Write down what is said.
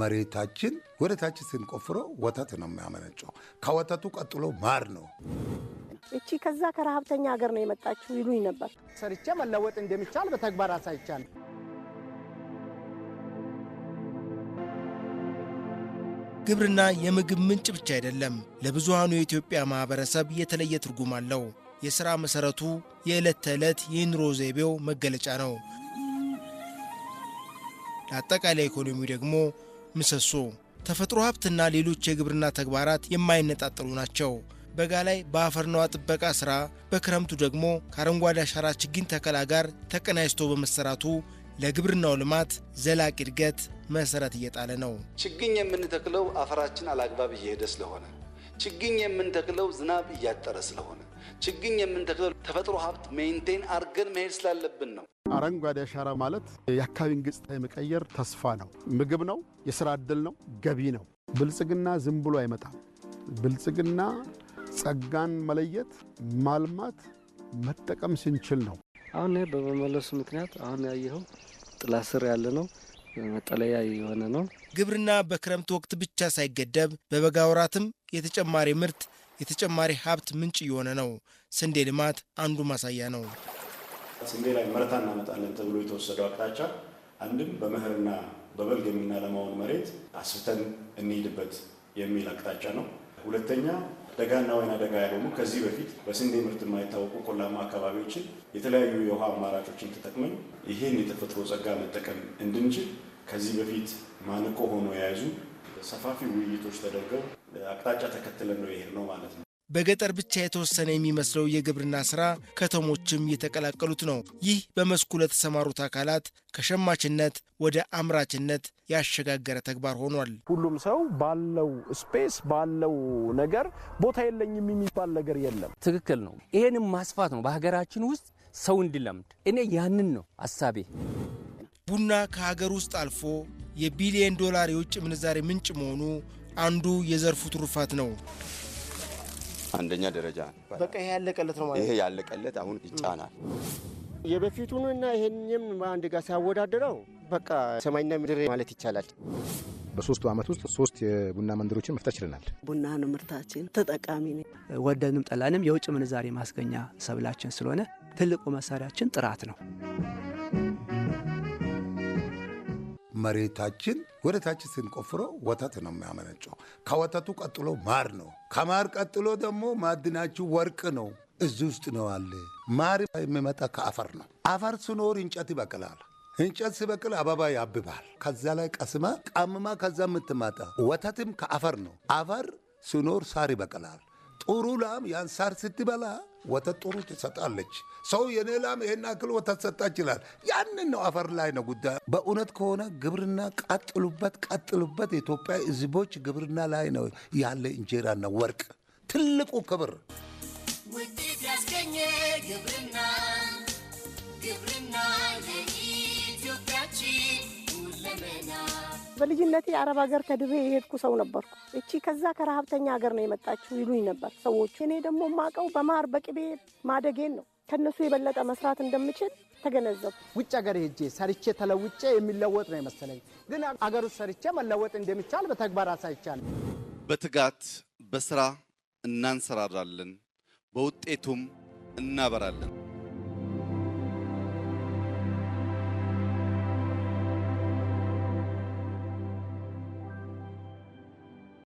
መሬታችን ወደ ታች ስንቆፍረው ወተት ነው የሚያመነጨው። ከወተቱ ቀጥሎ ማር ነው። እቺ ከዛ ከረሀብተኛ ሀገር ነው የመጣችው ይሉኝ ነበር። ሰርቼ መለወጥ እንደሚቻል በተግባር አሳይቻል። ግብርና የምግብ ምንጭ ብቻ አይደለም፣ ለብዙሃኑ የኢትዮጵያ ማኅበረሰብ የተለየ ትርጉም አለው። የሥራ መሠረቱ፣ የዕለት ተዕለት የኑሮ ዘይቤው መገለጫ ነው። ለአጠቃላይ ኢኮኖሚው ደግሞ ምሰሶ፣ ተፈጥሮ ሀብትና ሌሎች የግብርና ተግባራት የማይነጣጠሉ ናቸው። በጋ ላይ በአፈርና ጥበቃ ስራ፣ በክረምቱ ደግሞ ከአረንጓዴ አሻራ ችግኝ ተከላ ጋር ተቀናጅቶ በመሰራቱ ለግብርናው ልማት ዘላቂ እድገት መሰረት እየጣለ ነው። ችግኝ የምንተክለው አፈራችን አላግባብ እየሄደ ስለሆነ፣ ችግኝ የምንተክለው ዝናብ እያጠረ ስለሆነ፣ ችግኝ የምንተክለው ተፈጥሮ ሀብት ሜንቴን አርገን መሄድ ስላለብን ነው። አረንጓዴ አሻራ ማለት የአካባቢን ገጽታ የመቀየር ተስፋ ነው። ምግብ ነው፣ የስራ ዕድል ነው፣ ገቢ ነው። ብልጽግና ዝም ብሎ አይመጣም። ብልጽግና ጸጋን መለየት፣ ማልማት፣ መጠቀም ስንችል ነው። አሁን በመመለሱ ምክንያት አሁን ያየኸው ጥላ ስር ያለ ነው መጠለያ የሆነ ነው። ግብርና በክረምት ወቅት ብቻ ሳይገደብ በበጋ ወራትም የተጨማሪ ምርት የተጨማሪ ሀብት ምንጭ የሆነ ነው። ስንዴ ልማት አንዱ ማሳያ ነው። ስንዴ ላይ ምርት እናመጣለን ተብሎ የተወሰደው አቅጣጫ አንድም በመኸርና በበልግ የምናለማውን መሬት አስፍተን እንሄድበት የሚል አቅጣጫ ነው። ሁለተኛ ደጋና ወይና ደጋ ያልሆኑ ከዚህ በፊት በስንዴ ምርት የማይታወቁ ቆላማ አካባቢዎችን የተለያዩ የውሃ አማራጮችን ተጠቅመን ይህን የተፈጥሮ ጸጋ መጠቀም እንድንችል ከዚህ በፊት ማነቆ ሆኖ የያዙ ሰፋፊ ውይይቶች ተደርገው አቅጣጫ ተከትለን ነው የሄድነው ማለት ነው። በገጠር ብቻ የተወሰነ የሚመስለው የግብርና ስራ ከተሞችም እየተቀላቀሉት ነው። ይህ በመስኩ ለተሰማሩት አካላት ከሸማችነት ወደ አምራችነት ያሸጋገረ ተግባር ሆኗል። ሁሉም ሰው ባለው ስፔስ ባለው ነገር ቦታ የለኝም የሚባል ነገር የለም። ትክክል ነው። ይሄንም ማስፋት ነው በሀገራችን ውስጥ ሰው እንዲለምድ። እኔ ያንን ነው አሳቤ። ቡና ከሀገር ውስጥ አልፎ የቢሊየን ዶላር የውጭ ምንዛሬ ምንጭ መሆኑ አንዱ የዘርፉ ትሩፋት ነው። አንደኛ ደረጃ ነው። በቃ ይሄ ያለቀለት ነው ማለት ይሄ ያለቀለት አሁን ይጫናል። የበፊቱንና ይሄንም አንድ ጋር ሲያወዳደረው በቃ ሰማይና ምድር ማለት ይቻላል። በሶስቱ ዓመት ውስጥ ሶስት የቡና መንደሮችን መፍታት ችለናል። ቡና ነው ምርታችን፣ ተጠቃሚ ነው። ወደንም ጠላንም የውጭ ምንዛሬ ማስገኛ ሰብላችን ስለሆነ ትልቁ መሳሪያችን ጥራት ነው። መሬታችን ወደ ታች ስንቆፍረው ወተት ነው የሚያመነጨው። ከወተቱ ቀጥሎ ማር ነው። ከማር ቀጥሎ ደግሞ ማዕድናችሁ ወርቅ ነው። እዚህ ውስጥ ነው አለ። ማር የሚመጣ ከአፈር ነው። አፈር ስኖር እንጨት ይበቅላል። እንጨት ሲበቅል አበባ ያብባል። ከዛ ላይ ቀስማ ቀምማ ከዛ የምትማጣ ወተትም ከአፈር ነው። አፈር ስኖር ሳር ይበቅላል። ጥሩ ላም ያን ሳር ስትበላ ወተት ጥሩ ትሰጣለች። ሰው የኔ ላም ይሄን አክል ወተት ሰጣ ይችላል። ያንን ነው አፈር ላይ ነው ጉዳይ። በእውነት ከሆነ ግብርና ቀጥሉበት፣ ቀጥሉበት። የኢትዮጵያ ህዝቦች ግብርና ላይ ነው ያለ እንጀራና ወርቅ ትልቁ ክብር ውጤት ያስገኘ ግብርና ግብርና ሁለመና በልጅነቴ አረብ ሀገር ከድሬ የሄድኩ ሰው ነበርኩ። እቺ ከዛ ከረሀብተኛ ሀገር ነው የመጣችው ይሉኝ ነበር ሰዎቹ። እኔ ደግሞ ማቀው በማር በቅቤ ማደጌን ነው። ከነሱ የበለጠ መስራት እንደምችል ተገነዘቡ። ውጭ ሀገር ሄጄ ሰርቼ ተለውጬ የሚለወጥ ነው የመሰለኝ። ግን አገር ውስጥ ሰርቼ መለወጥ እንደሚቻል በተግባር አሳይቻል። በትጋት በስራ እናንሰራራለን፣ በውጤቱም እናበራለን።